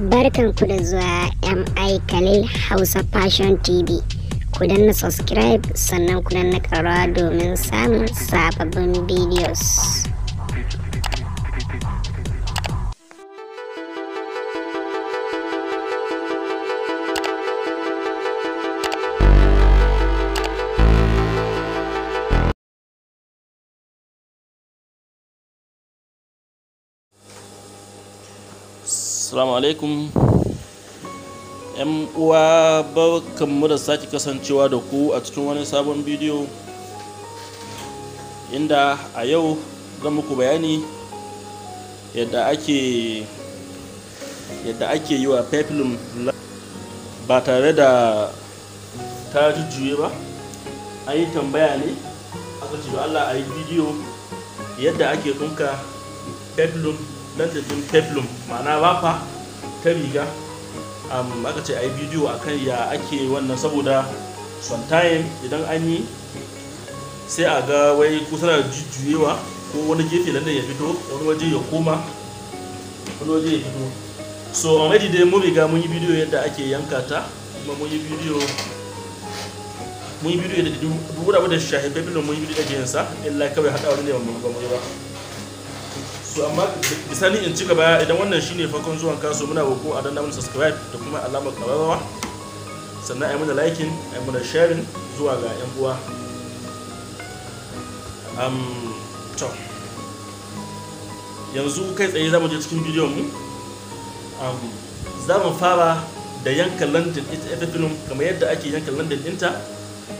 Barkanku da zuwa MI Khalil Hausa Fashion TV. Ku danna subscribe sannan ku danna ƙarawa domin samun sababbin videos. assalamu alaikum yan uwa barkanmu da sake kasancewa da ku a cikin wani sabon bidiyo inda a yau zan muku bayani yadda ake yadda ake yi wa peplum ba tare da ta jujjuye ba an yi tambaya ne aka ce Allah a yi bidiyo yadda ake tunka peplum nan da jin peplum ma'ana wafa ta riga aka ce a yi bidiyo a kan ya ake wannan saboda sometime idan an yi sai a ga wai kusa jujjuyewa ko wani gefe nan da ya fito wani waje ya koma wani waje ya fito so already dai mun riga mun yi bidiyo yadda ake yanka ta kuma mun yi bidiyo mun yi bidiyo da duk wani shahi peplum mun yi bidiyo da ke yansa illa kawai haɗa wani ne ba mun yi ba so amma misali in ci gaba idan wannan shine farkon zuwan kasu muna roko a danna mana subscribe da kuma alamar kararrawa sannan a yi mana liking a yi mana sharing zuwa ga yan uwa um, to yanzu kai tsaye za mu je cikin bidiyon mu um, za mu fara da yanka london ita film kamar yadda ake yanka london ɗinta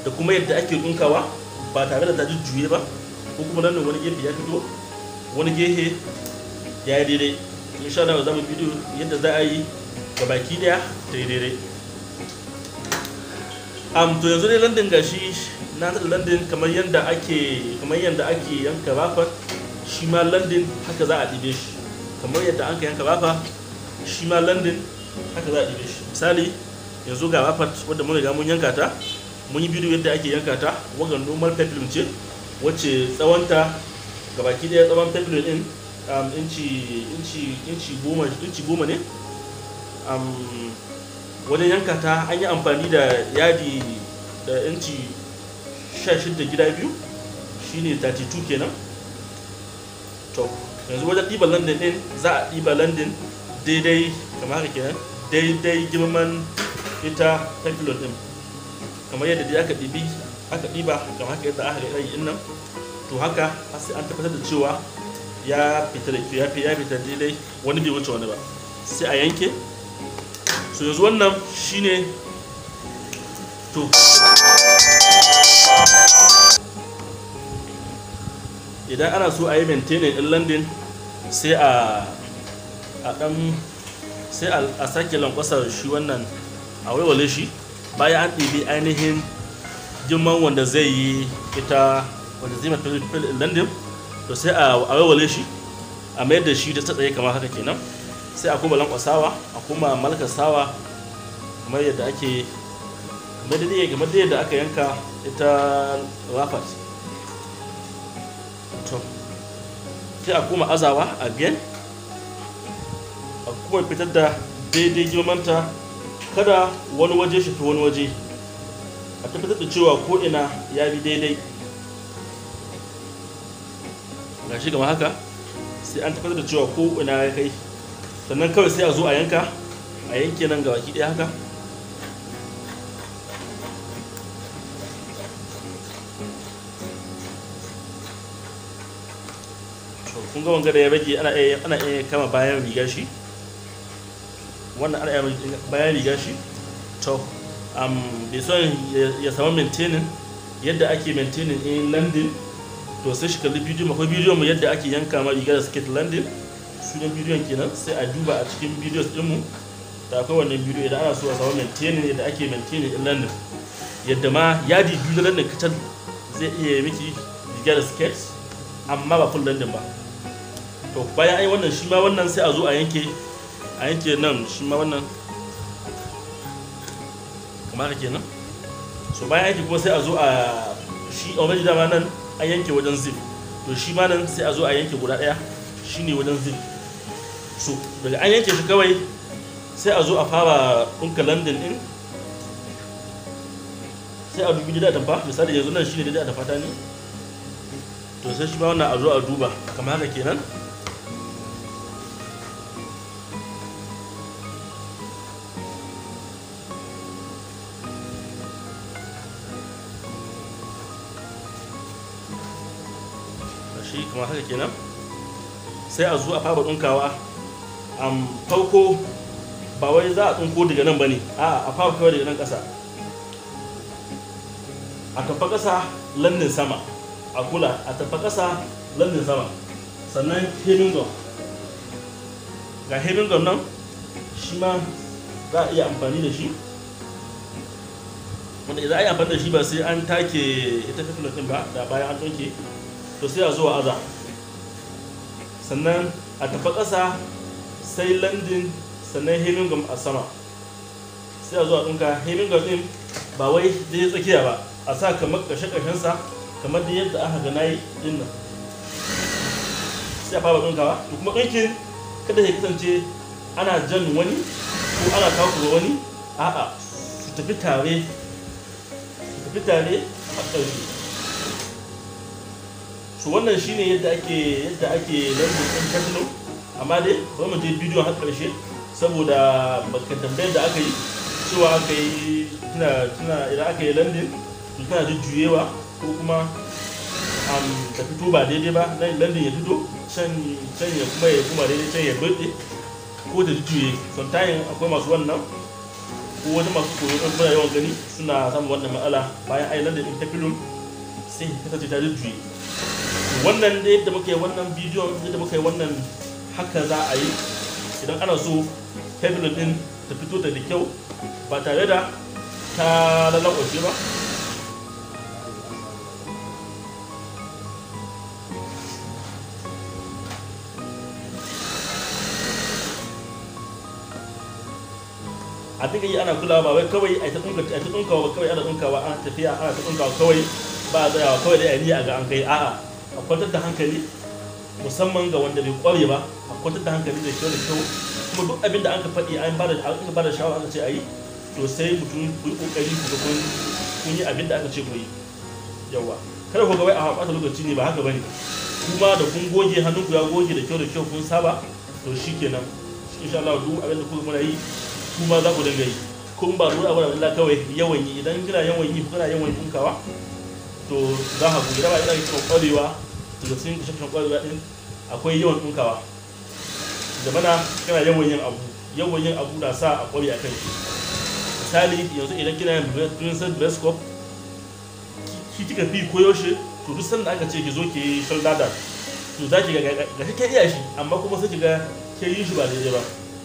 da kuma yadda ake dunkawa ba tare da ta juye ba ko kuma ne wani gefe ya fito wani gehe ya yi daidai insha Allah za mu bidiyo yadda za a yi ga baki daya ta yi daidai am to yanzu dai landin gashi na da landin kamar yadda ake kamar yadda ake yanka bafa shi ma landin haka za a ɗibe shi kamar yadda an ka yanka bafa shi ma landin haka za a ɗibe shi misali yanzu ga bafa wadda mun riga mun yanka ta mun yi bidiyo yadda ake yanka ta wagan normal peplum ce wacce tsawonta gabaki daya tsawon table din um, inci goma ne um, wajen yanka ta an yi amfani da yadi da inci 16 gida biyu shine 32 kenan to yanzu wajen ɗiba london din za a ɗiba london daidai kamar haka kenan daidai girman ita table din kamar yadda dai aka aka ɗiba kamar haka yadda aka yi nan to haka har sai an tabbatar da cewa ya fita da ya fita daidai wani bai wuce wani ba sai a yanke so yanzu wannan shine to idan ana so a yi maintaining din landing sai a a dan sai a sake lankwasar shi wannan a waiwale shi bayan an ɗibi ainihin girman wanda zai yi ita wanda zai mafi london to sai a wawale shi a mayar da shi ta tsaye kamar haka kenan sai a kuma sawa a kuma sawa kamar yadda ake game da yadda aka yanka ita rafat to sai a kuma azawa a biyan a kuma fitar da daidai girmanta kada wani waje shi fi wani waje a tabbatar da cewa ko'ina ya bi daidai ga shi kamar haka sai an tabbatar da cewa ko ina ya kai sannan kawai sai a zo a yanka a yanke nan ga baki ɗaya haka kun ga wanga da ya rage ana iya ana iya kama bayan riga shi wannan ana iya bayan riga shi to am bai son ya samu maintaining yadda ake maintaining in landing to sai shi kalli bidiyon akwai bidiyon mu yadda ake yanka ma riga da skate landing ne bidiyon kenan sai a duba a cikin din mu da akwai wannan bidiyo idan ana so a samu maintaining yadda ake maintaining din landing yadda ma yadi biyu na landing kacal zai iya yi miki riga da skate amma ba full landing ba to bayan ai wannan shi ma wannan sai a zo a yanke a yanke nan shi ma wannan kamar kenan so bayan yanke kuma sai a zo a shi already dama nan a yanke wajen zip to shi ma nan sai a zo a yanke guda ɗaya shine wajen zip so daga an yanke shi kawai sai a zo a fara ɗinka landin ɗin sai a dubi daidai tamfa misali yanzu nan shine daidai tamfa ta ne to sai shi ma wannan a zo a duba kamar haka kenan kamar haka kenan sai a zo a fara dunkawa am farko ba wai za a dunko daga nan ba ne a a fara kawai daga nan ƙasa a tafa ƙasa landin sama a kula a tafa ƙasa landin sama sannan hemingway ga hemingway nan shi ma za a iya amfani da shi wanda idan a yi amfani da shi ba sai an take ita kafin ba da bayan an tsoke to sai a zo a aza sannan a tafi ƙasa sai landin sannan hemingwam a sama sai a zo a ɗinka hemingwam ɗin ba wai dai tsakiya ba a sa kamar ƙarshe ƙashensa kamar da yadda aka gana yi ɗin nan sai a fara ɗinkawa to kuma ɗinkin kada ya kasance ana jan wani ko ana kuma wani a'a su tafi tare su tafi tare a ƙarfi. su wannan shine yadda ake yadda ake lambun ɗin techno amma dai ba mu je bidiyon har karshe saboda baka tambayar da aka yi cewa aka yi tana tana idan aka yi landin su tana jujjuyewa ko kuma um, ta fito ba daidai ba landin ya fito can can ya kuma ya kuma daidai can ya bude ko ta jujjuye sometimes akwai masu wannan ko wani masu koyo ɗan kuna yawan gani suna samun wannan matsala bayan ayi landin ɗin ta filin sai ta ce ta jujjuye wannan da yadda muka yi wannan bidiyo yadda muka yi wannan haka za a yi idan ana so table din ta fito da da kyau ba tare da ta lalace ba a duka yi ana kulawa ba wai kawai a ta tsunkawa kawai ana tsunkawa ana tafiya ana ta tsunkawa kawai ba a tsayawa kawai da yari a ga an kai a'a a kwantar da hankali musamman ga wanda bai kware ba a kwantar da hankali da kyau da kyau kuma duk abin da an ka faɗi an ba da ba da shawara aka ce a yi to sai mutum ku yi kokari ku kun kun yi abin da aka ce ku yi yawa kada ku ga wai a ɓata lokaci ne ba haka bane kuma da kun goge hannun ku ya goge da kyau da kyau kun saba to shikenan insha Allah duk abin da kuka muna yi kuma za ku dinga yi kun ba ruwa ba Allah kawai yawan yi idan kina yawan yi kuna yawan kunkawa to za ka gudu dama yana cikin kwarewa daga cikin kashe kwarewa din akwai yawan tunkawa da mana kana yawan yin abu yawan yin abu na sa a kware a kan shi misali yanzu idan kina yin princeton dress cop ki kika fi koyaushe to duk sanda aka ce ki zo ki shoulder dart to za ki ga ga kake iya shi amma kuma sai ki ga ke yi shi ba daidai ba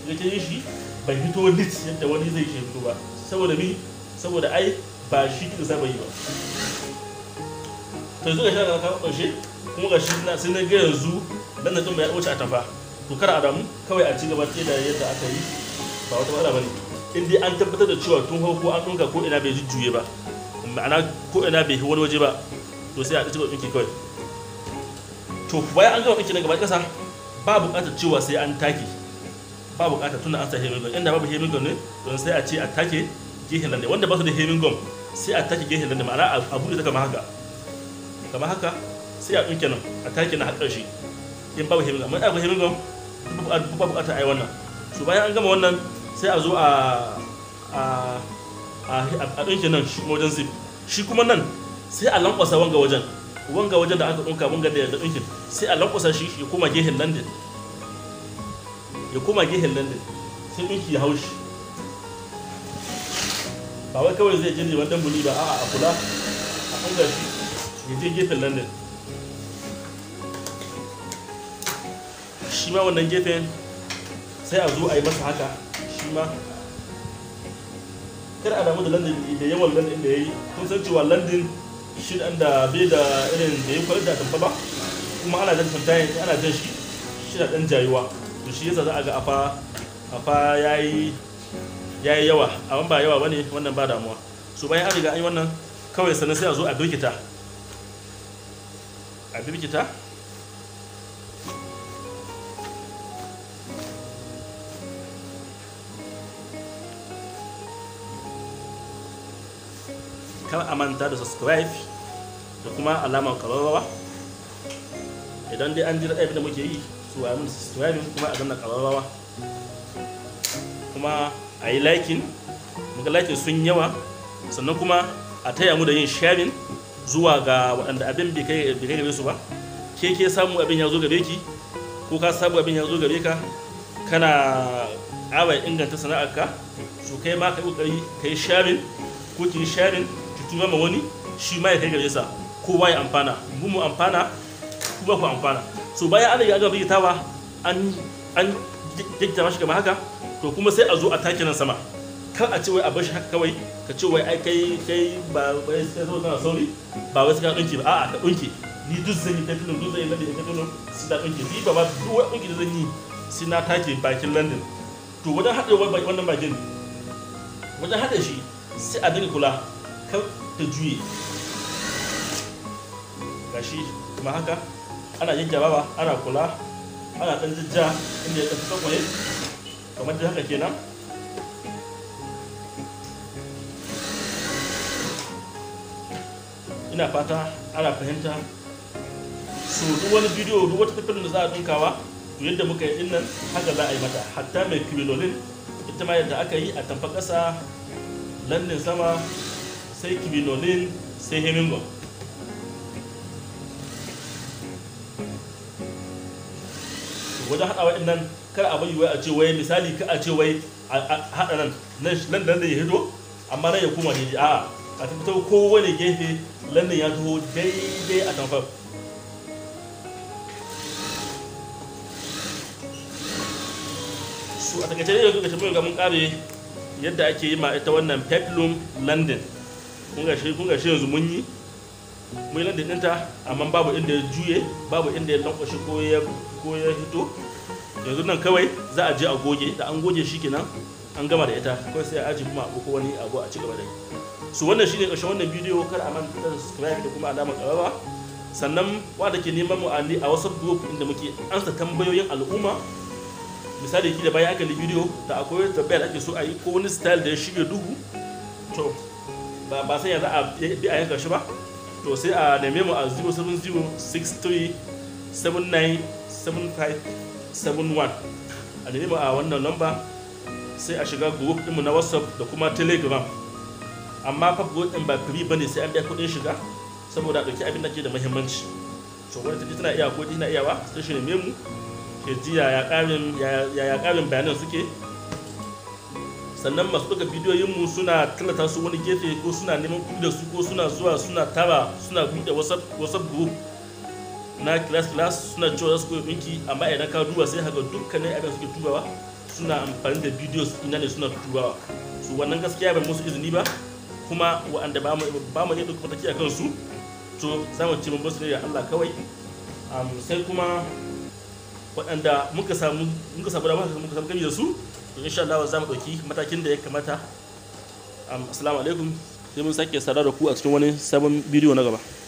ga ke yi shi bai fito nit yadda wani zai shi fito ba saboda mi saboda ai ba shi kika saba yi ba to yanzu ga shi na kawo ƙarshe kuma ga shi sai na ga yanzu dan na ya wuce a tafa to kada a damu kawai a ci gaba da yadda aka yi ba wata matsala bane in dai an tabbatar da cewa tun farko an ɗinka ko ina bai jujjuye ba ma'ana ko ina bai wani waje ba to sai a ci gaba ɗinki kawai to bayan an gama ɗinki na gaba ƙasa ba buƙatar cewa sai an take ba buƙatar tunda an sa hemin inda babu hemin ne don sai a ce a take gehen lalle wanda ba su da hemin sai a take gehen lalle ma'ana a buɗe ta kama haka kamar haka sai a ɗauke nan a take na haƙar shi in babu hemin amma akwai hemin gam babu buƙatar a yi wannan su bayan an gama wannan sai a zo a a ɗauke nan shi wajen zip shi kuma nan sai a lankwasa wanga wajen wanga wajen da aka ɗauka wanga da yadda ɗaukin sai a lankwasa shi ya koma gehen nan din ya koma gehen nan din sai ɗauki ya haushi ba wai kawai zai je wani ɗan ba a'a a kula a ɗauka shi ya je gefen london shi ma wannan gefen sai a zo a yi masa haka shi ma kar a damu da london da yawan london da ya yi kun san cewa london shi ɗan da bai da irin da ya kwalar da tamfa ba kuma ana jan tantayen ana jan shi shi da dan jayuwa to shi yasa za a ga afa afa ya yi yawa amma ba yawa ne wannan ba damuwa so bayan an riga an yi wannan kawai sannan sai a zo a birkita a birgita kan a manta da subscribe da kuma alamar kararrawa idan dai an ji da muke yi su wa mun subscribe kuma a zanna kararrawa kuma a yi liking muka like sun yawa sannan kuma a taya mu da yin sharing zuwa ga waɗanda abin bai kai gabe su ba ke ke samu abin ya zo gabe ki ko ka samu abin ya zo gabe ka kana abai inganta ka su kai ma ka yi kokari ka yi ko ki yi sharin ki tura ma wani shi ma ya kai gabe sa kowa ya amfana mu mu amfana kuma ku amfana so bayan an riga aka ba an an dikta mashi kamar haka to kuma sai a zo a take nan sama Kar a ce wai a bar shi haka kawai ka ce wai ai kai kai ba wai sai zo tana sauri ba wai sai ka dinki ba a'a ka dinki ni duk zan yi ta filin duk zan yi ladin ta filin sai na dinki ni ba ba duk wai dinki da zan yi sai na take bakin landin. to wajen haɗe wannan bakin wajen haɗe shi sai a dinga kula kan ta juye gashi kuma haka ana yin jajjabawa ana kula ana ɗan jajja inda ya ɗan kwaye kamar da haka kenan ina fata ana fahimta su duk wani bidiyo duk wata tafiyar da za a dunkawa to yadda muka yi din nan haka za a yi mata hatta mai kibilolin ita ma yadda aka yi a tamfa ƙasa landin sama sai kibilolin sai hemingon wajen haɗawa in nan kar a bayyana a ce wai misali ka a ce wai a haɗa nan nan da ya hido amma nan ya kuma ne a'a a ta fito kowane gefe lannan ya taho daidai a tamfar su a takaice ne yanzu tafiya kare yadda ake yi ma ita wannan peplum landin kun gashi yanzu mun yi mun yi landin ɗinta amma babu inda ya juye babu inda ya lankwashi ko ya hito yanzu nan kawai za a je a goge da an goge shi kenan an gama da ita ko sai aji kuma a ko wani abu a ci gaba da yi su wannan shine ƙarshen wannan bidiyo kar a manta da subscribe da kuma alamar karaba sannan wanda ke neman mu a wasu group inda muke ansa tambayoyin al'umma misali ki da bayan aka yi bidiyo da akwai tabbayar ake so a yi ko wani style da ya shige duhu to ba ba sai yanzu a bi a yanka shi ba to sai a neme mu a 07063797571 a neme mu a wannan lamba sai a shiga group ɗinmu na whatsapp da kuma telegram amma fa group ɗin ba free bane sai an biya kuɗin shiga saboda a ɗauki abin da ke da muhimmanci to wani tafi tana iya ko tana iyawa sai shi neme mu ke ji yaya ƙarin yaya ƙarin bayanan suke sannan masu bidiyoyin bidiyoyinmu suna tallata su wani gefe ko suna neman kuɗi da su ko suna zuwa suna tara suna buɗe whatsapp group na class class suna cewa za su koyi ɗinki amma idan ka duba sai haka dukkanin abin suke tubawa suna amfani da videos ina ne suna turawa su wannan gaskiya bai musu izini ba kuma wa'anda ba mu iya duk mataki a kansu to za mu ce mu ne da Allah kawai sai kuma waɗanda muka samu muka samu da muka samu gami da su to insha Allah za mu ɗauki matakin da ya kamata assalamu alaikum sai mun sake sadar da ku a cikin wani sabon bidiyo na gaba